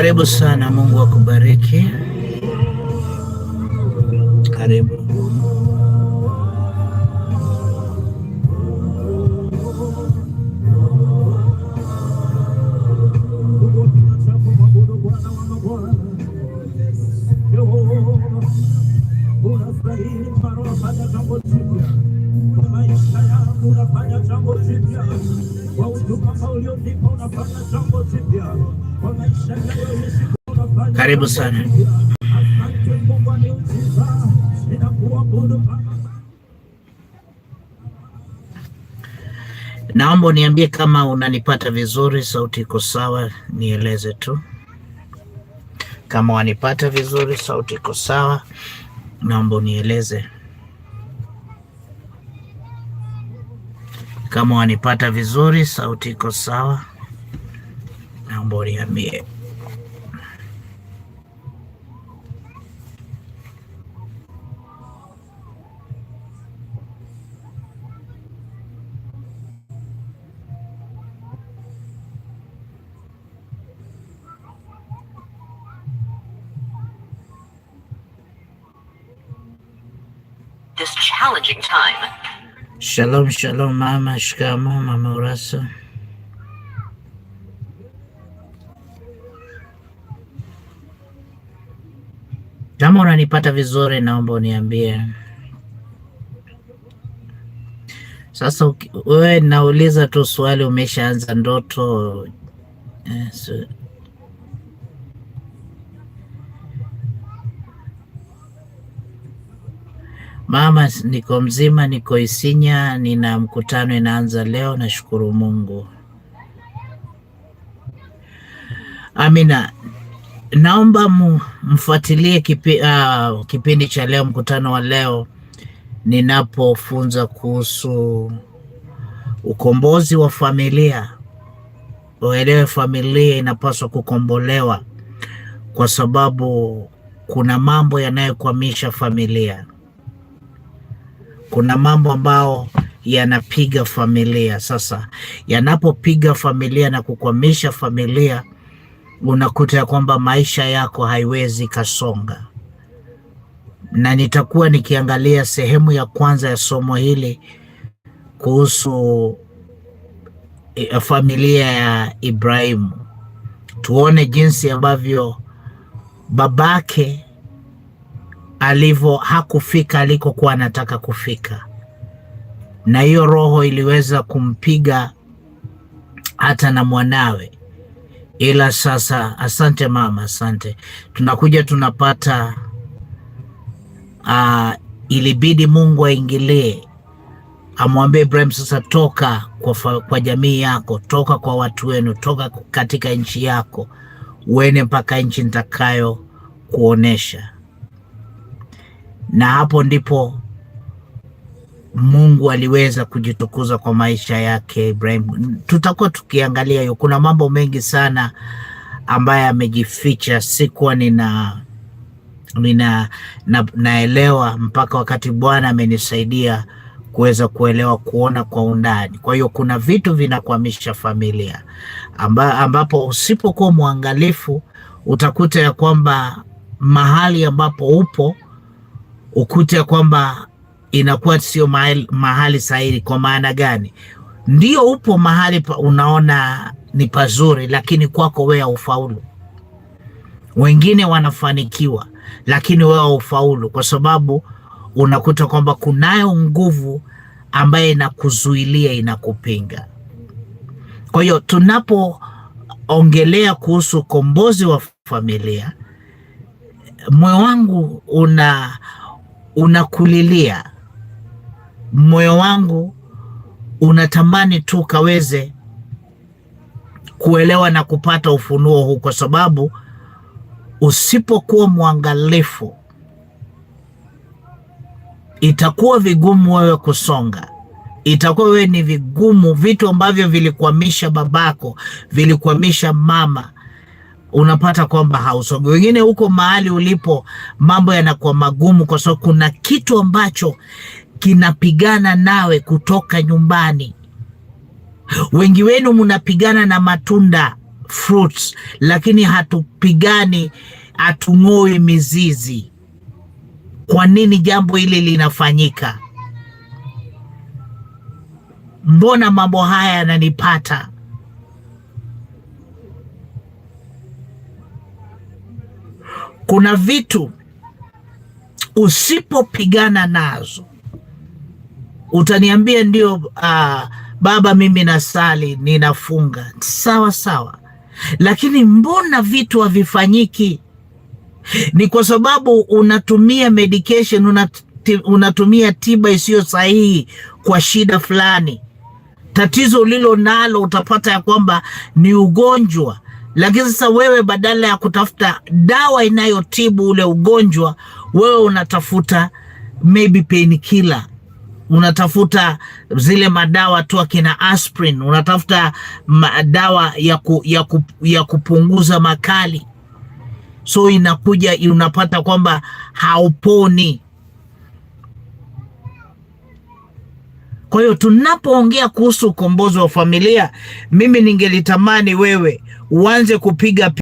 Karibu sana, Mungu akubariki. Karibu. Karibu sana. Naomba niambie kama unanipata vizuri, sauti iko sawa, nieleze tu kama wanipata vizuri, sauti iko sawa, naomba unieleze. Kama wanipata vizuri, sauti iko sawa, naomba uniambie. This challenging time Shalom, shalom mama. shkamo, mama Kama unanipata vizuri, naomba uniambie. Sasa wewe nauliza tu swali, umeshaanza ndoto? Yes. Eh, Mama, niko mzima, niko Isinya, nina mkutano inaanza leo, nashukuru Mungu. Amina, naomba mfuatilie kipi, uh, kipindi cha leo, mkutano wa leo ninapofunza kuhusu ukombozi wa familia. Uelewe familia inapaswa kukombolewa, kwa sababu kuna mambo yanayokwamisha familia kuna mambo ambayo yanapiga familia. Sasa yanapopiga familia na kukwamisha familia, unakuta ya kwamba maisha yako haiwezi kasonga. Na nitakuwa nikiangalia sehemu ya kwanza ya somo hili kuhusu eh, familia ya Ibrahimu, tuone jinsi ambavyo babake alivyo, hakufika alikokuwa anataka kufika, na hiyo roho iliweza kumpiga hata na mwanawe. Ila sasa, asante mama, asante. Tunakuja tunapata uh, ilibidi Mungu aingilie amwambie Ibrahim sasa, toka kwa, kwa jamii yako, toka kwa watu wenu, toka katika nchi yako, uende mpaka nchi nitakayo kuonesha na hapo ndipo Mungu aliweza kujitukuza kwa maisha yake Ibrahim. Tutakuwa tukiangalia hiyo, kuna mambo mengi sana ambaye amejificha, sikuwa nina nina na, naelewa mpaka wakati Bwana amenisaidia kuweza kuelewa kuona kwa undani. Kwa hiyo kuna vitu vinakwamisha familia amba, ambapo usipokuwa mwangalifu utakuta ya kwamba mahali ambapo upo ukute kwamba inakuwa sio mahali, mahali sahihi. Kwa maana gani? Ndio upo mahali pa unaona ni pazuri, lakini kwako wewe haufaulu. Wengine wanafanikiwa, lakini wewe haufaulu, kwa sababu unakuta kwamba kunayo nguvu ambaye inakuzuilia, inakupinga. Kwa hiyo tunapoongelea kuhusu ukombozi wa familia, moyo wangu una unakulilia, moyo wangu unatamani tu kaweze kuelewa na kupata ufunuo huu, kwa sababu usipokuwa mwangalifu itakuwa vigumu wewe kusonga, itakuwa wewe ni vigumu, vitu ambavyo vilikwamisha babako, vilikwamisha mama unapata kwamba hausogi. Wengine huko mahali ulipo mambo yanakuwa magumu, kwa sababu kuna kitu ambacho kinapigana nawe kutoka nyumbani. Wengi wenu mnapigana na matunda fruits, lakini hatupigani, hatung'oi mizizi. Kwa nini jambo hili linafanyika? Mbona mambo haya yananipata? Kuna vitu usipopigana nazo utaniambia ndio, uh, baba, mimi nasali ninafunga, sawa sawa, lakini mbona vitu havifanyiki? Ni kwa sababu unatumia medication, unatumia tiba isiyo sahihi kwa shida fulani. Tatizo ulilo nalo utapata ya kwamba ni ugonjwa lakini sasa wewe badala ya kutafuta dawa inayotibu ule ugonjwa, wewe unatafuta maybe painkiller, unatafuta zile madawa tu akina aspirin, unatafuta madawa ya, ku, ya, ku, ya kupunguza makali. So inakuja unapata kwamba hauponi. Kwa hiyo tunapoongea kuhusu ukombozi wa familia, mimi ningelitamani wewe uanze kupiga